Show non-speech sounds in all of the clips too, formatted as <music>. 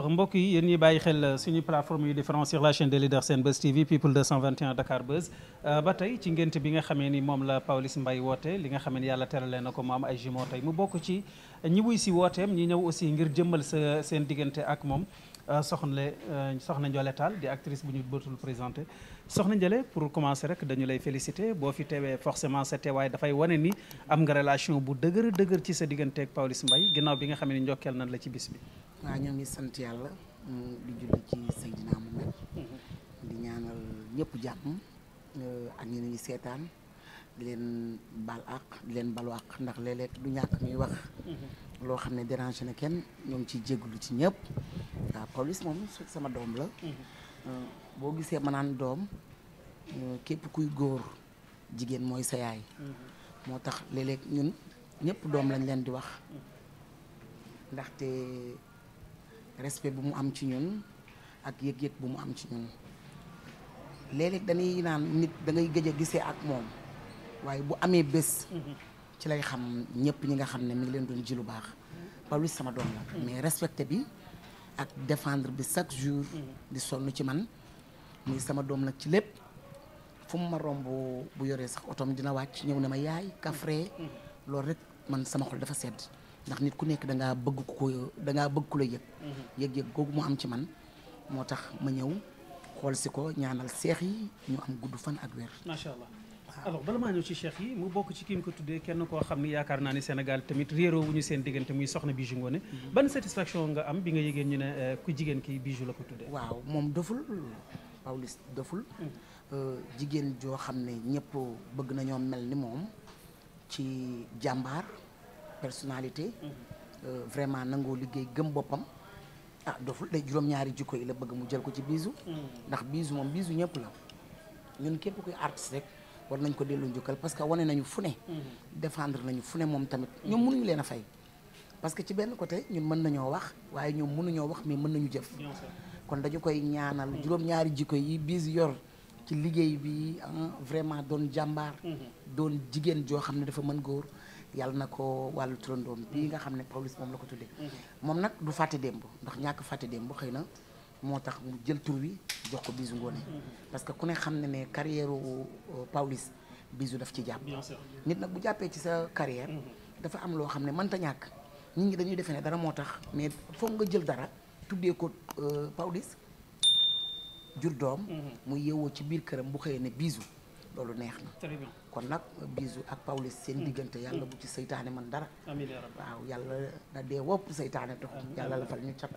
alors mbokk yi yéen ñi bàyyi xel euh, suñu plateforme yu différent sur la chaîne de leader Senbuzz TV People 221 Dakar Buzz euh, ba tey ci ngénte bi nga xamee ni moom la Pawlish Mbaye woote li nga xamee ni yàlla terale na ko mu am ay jumeaux tey mu bokk ci ñi wuy si wooteem ñi ñëw aussi ngir jëmmal sa seen diggante ak moom Euh, soxna euh, soxna Ndiolé Tall di actrice bu ñu bëtul présenté soxna Ndiolé pour commencer rek dañu lay félicité boo fi teewee forcément sa teewaay dafay wane ni am nga relation bu dëgër dëgër ci sa digganteeg Pawlish mbay ginnaaw bi nga xamee ne njokkeel nañ la ci bis bi. waaw ñoo ngi sant yàlla mm, di julli ci Seydina Muhammad mm-hmm. di ñaanal ñëpp jàmm euh, ak ñi ngi seetaan. di leen baal àq leen balu àq ndax léeg du ñàkk muy wax mhm. loo xam ne dérange na kenn ñoo ngi ciy jégalu ci ñëpp waaw Pawlish moom sama doom la mhm. euh, boo gisee ma naan doom euh, képp kuy góor jigéen mooy sa yaay mhm. moo tax léeg ñun ñëpp doom lañ leen di wax ndaxte respect bu mu am ci ñun ak yëg-yëg bu mu am ci ñun léeg-léeg naan nit da ngay gëj a gisee ak moom waaye bu amee bés ci lay xam ñëpp ñi nga xam ne mi ngi leen doon ji lu baax Pawlish sama doom la mais respecté bi ak défendre bi chaque jour di sonn ci man muy sama doom nag ci lépp fu mu ma romb bu yoree sax otom dina wàcc ñëw ne ma yaay kafre loolu rek man sama xol dafa sedd ndax nit ku nekk dangaa bëgg ko dangaa bëgg ku la yëg yëg-yëg googu mu am ci man moo tax ma ñëw xool si ko ñaanal seex yi ñu am gudd fan ak wér alors bala maa ñëw ci cheikh yi mu bokk ci ki ko tuddee kenn koo xam ni yaakaar naa ni Sénégal tamit réeroo wu ñu seen diggante muy soxna Bijou Ngoné mhm. ban satisfaction nga am bi nga yëgeen ñu ne euh, ku jigéen ki Bijou la ko tuddee waaw moom doful Pawlish doful mhm. euh, jigéen joo xam ne ñëpp bëgg nañoo mel ni moom ci jàmbaar personnalité mhm. euh, vraiment nangoo liggéey gëm boppam ah doful day juróom-ñaari jikko yi la bëgg mu jël ko ci Bijou ndax Bijou moom Bijou ñëpp la ñun war nañ ko dellu njukkal parce que wane nañu fu ne mm-hmm. défendre nañu fu ne moom tamit mm-hmm. ñoom munuñu leen a fay parce que ci benn côté ñun mën nañoo wax waaye ñoom mënuñoo wax mais mën nañu jëf kon dañu koy ñaanal mm-hmm. juróom-ñaari jikko yi bis yor ci liggéey bi vraiment doon jàmbaar doon jigéen joo xam ne dafa mën góor yàlla na ko wàllu turandoom bii nga xam ne Pawlish moom la ko tuddee moom nag du fàtte démb ndax ñàkk fàtte démb xëy na moo tax mu jël tur wi jox ko biisu Ngoné parce que ku ne xam ne ne carrière Pawlish Bijou daf ci jàpp nit nag bu jàppee ci sa carrière mm-hmm. dafa am loo xam ne mënta ñàkk nit ngi dañuy defe ne dara moo tax mais foog nga jël dara tuddee ko euh, Pawlish jur doom mm-hmm. mu yeewoo ci biir këram bu xëyee ne Bijou loolu neex na. très bien kon nag bisu ak Pawlish seen mm. diggante mm. yàlla bu ci seytaane man dara. amiin waaw yàlla na dee wopp seytaane dox. yàlla la fal ñu cap.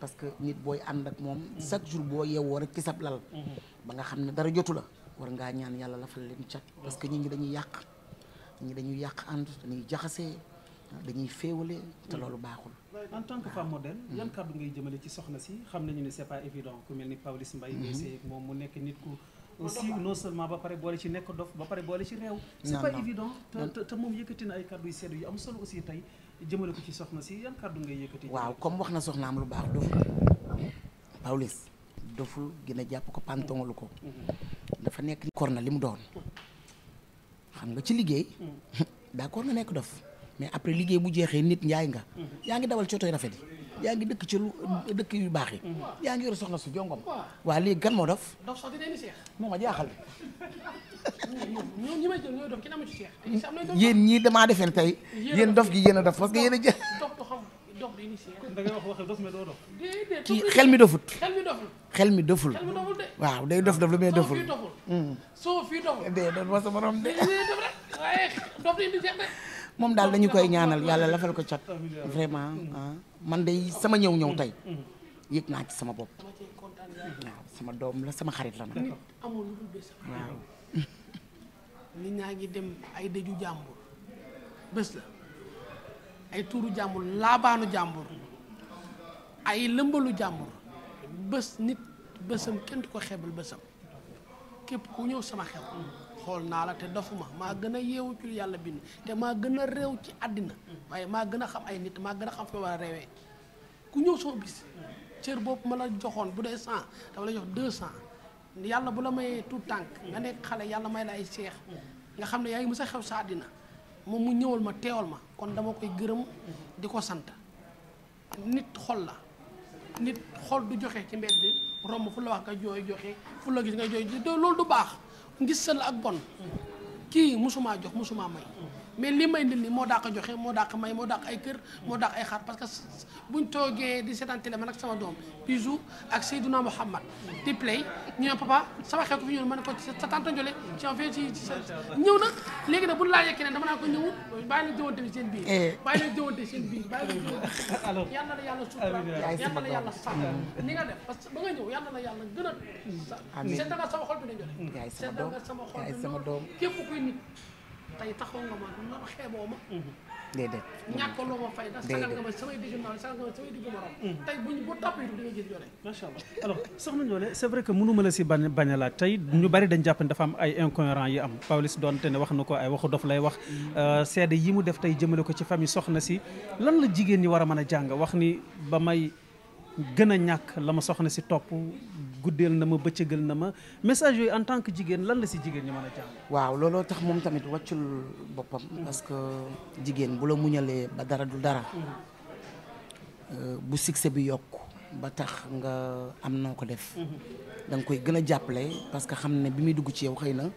parce que nit booy ànd ak moom. Mm. chaque jour boo yeewoo rek ci sab lal. Mm-hmm. ba nga xam ne dara jotu la. war ngaa ñaan yàlla la fal leen cap. parce que ñi ngi dañuy yàq ñi dañuy yàq ànd dañuy jaxasee dañuy féewale te loolu baaxul. aussi non seulement ba pare boole ci nekk dof ba pare boole ci réew c'est pas évident te te moom yëkkati na ay kàddu sedd yu am solo aussi tey jëmale ko ci soxna si yan kàddu ngay yëkkati waaw comme wax na soxnaam lu baax doful Pawlish doful gën a jàpp ko pantonlu ko mhm. dafa nekk kor na li mu doon xam nga ci liggéey mhm. <laughs> d'accord nga nekk dof mais après liggéey bu jeexee nit njaay nga mhm. yaa ngi dawal cotoy rafet yi yaa ngi dëkk ci lu dëkk yu baax yi. yaa ngi yor soxna su jongom waa léegi gan moo def. dof sax dinañu seex. moo yéen ñii damaa defeen tey. yéen dof gi yéen a dof parce que yéen a jë. kii xel mi dofut. xel mi doful. xel mi doful. waaw day dof dof lu muy de dof hmm. ma sa dof di moom daal dañu koy ñaanal yàlla lafal ko cat vraiment ah. man day sama ñëw ñëw tey mm-hmm. yëg naa ci sama bopp waaw sama doom la sama xarit la nag waaw <laughs> nit ñaa ngi dem ay dëju jàmbur bés la ay tuuru jàmbur laabaanu jàmbur ay lëmbalu jàmbur bés nit bésam kenn du ko xeebal bésam képp ku ñëw sama xew xool naa la te dofuma maa gën a yeewu ci yàlla bind te maa gën a réew ci àddina waaye maa gën a xam ay nit maa gën a xam fi war a ku ñëw soo bis cër boobu ma joxoon bu dee cent dama la jox deux cent yàlla bu la mayee tout tànk nga nekk xale yàlla may la ay seex nga xam ne yaa ngi mës a xew sa àddina moom mu ñëwal ma teewal ma kon dama koy gërëm di ko sant nit xol la nit xol du joxe ci mbedd romb fu la wax nga jooy joxe fu la gis nga jooy loolu du baax ngi sal ak bon kii mosumaa jox mosumaa may mais li may ndil nii moo dàq joxe moo dàq may moo dàq ay kër moo dàq ay xar parce que ñu toogee di seetaan télé man ak sama doom Bijou ak Seydouna Mouhamad di play ñu ne papa sama xew ko fi ñëw man ko sa tante Ndiolé ci en fait ci na léegi nag buñ laajee keneen dama naa ko ñëw bàyyi la jëwante bi seen biir eh. sax ni nga def parce que ba nga ñëw yàlla na yàlla gën a seetal nga sama xol bi ne Ndiolé seetal nga sama xol bi képp kuy tey taxaw nga ma bu <laughs> alors soxna Ndiolé c'est vrai que mënuma la si bañ bañ tey ñu bari dañ jàpp ne dafa ay incohérents yi am Pawlish doonte ne wax na ko ay waxu dof lay wax mm. euh, seede yi mu def tey jëmale ko ci famille soxna si lan la jigéen ñi war a mën a jàng wax ni ba may gën a ñàkk la ma soxna si topp guddeel na ma bëccëgal na ma message yooyu en tant que jigéen lan la si jigéen ñi mën waaw looloo tax moom tamit wàccul boppam mm-hmm. parce que jigéen bu la muñalee ba dara du dara mm-hmm. euh, bu succès bi yokk ba tax nga am noo ko def mm-hmm. da nga koy gën a jàppale parce que xam ne bi muy dugg ci yow xëy na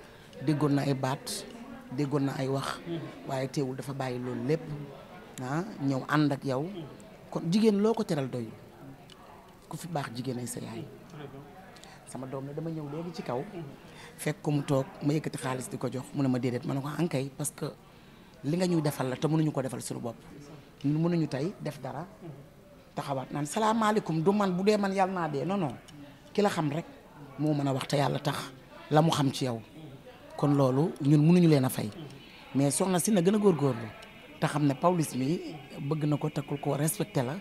déggoon na ay baat déggoon na ay wax waaye teewul dafa bàyyi loolu lépp ah ñëw ànd ak yow kon jigéen loo ko teral doy ku fi baax jigéen ay sa yaay sama doom la dama ñëw léegi ci kaw. fekk ko mu toog ma yëkkati xaalis di ko jox mu ne ma déedéet man ne ko ankay ah parce que li nga ñuy defal la te mënuñu ko defal suñu bopp. mënuñu tey def dara. taxawaat naan salaamaaleykum du man bu dee man yàlla naa dee non non ki la xam rek moo mën a wax te yàlla tax la mu xam ci yow. kon loolu ñun mënuñu leen a fay. mais soxna si na gën a góor góorgóorlu te xam ne Pawlish mi bëgg na ko takkul ko respecté la.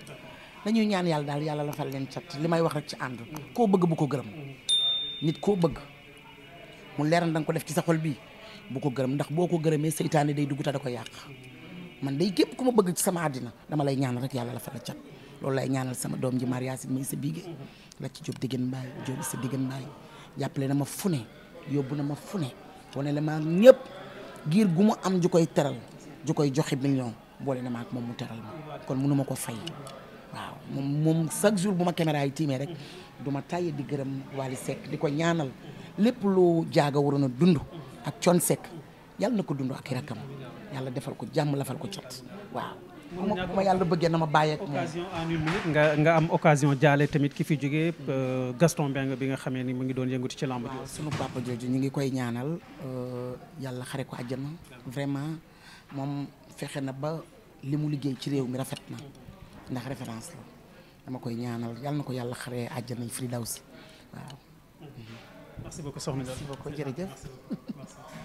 dañuy ñaan yàlla daal yàlla la fal leen cat li may wax rek ci ànd ko bëgg bu ko gërëm nit koo bëgg mu leer na danga ko def ci sa xol bii bu ko gërëm ndax boo ko gërëmee seytaane day dugg te da ko yàq man day képp ku ma bëgg ci sama àddina dama lay ñaan rek yàlla la fal cat loolu lay ñaanal sama doom ji Maria Yacine muy sa biige la ci Diop Degen Mbaye Diop sa Degen Mbaye jàppale na ma fune yóbbu na ma fune wane la maa ñëpp giir gu mu am ju koy teral ju koy joxe million boole na ma ak moom mu teral ma kon mënu ma ko fay waaw moom moom chaque jour bu ma caméra yi tiimee rek du ma tàyyi di gërëm Wally Seck di ko ñaanal lépp lu jaaga waroon a dund ak con Seck yàlla na ko dund ak i rakam yàlla defal ko jàmm lafal ko cot waaw moom ma yàlla bëggee na ma bàyyi ak moom nga nga am occasion jaale tamit ki fi jógee euh, Gaston Mbengue bi nga xamee ni mu ngi doon yënguti ci lamb waaw sunu papa jooju ñu ngi koy ñaanal euh, yàlla xare ko àjjana vraiment moom fexe na ba li mu liggéey ci réew mi rafet na ndax référence la dama koy ñaanal yal na ko yàlla xaree àjjana Firdawsi waaw. merci beaucoup soxna Diop merci beaucoup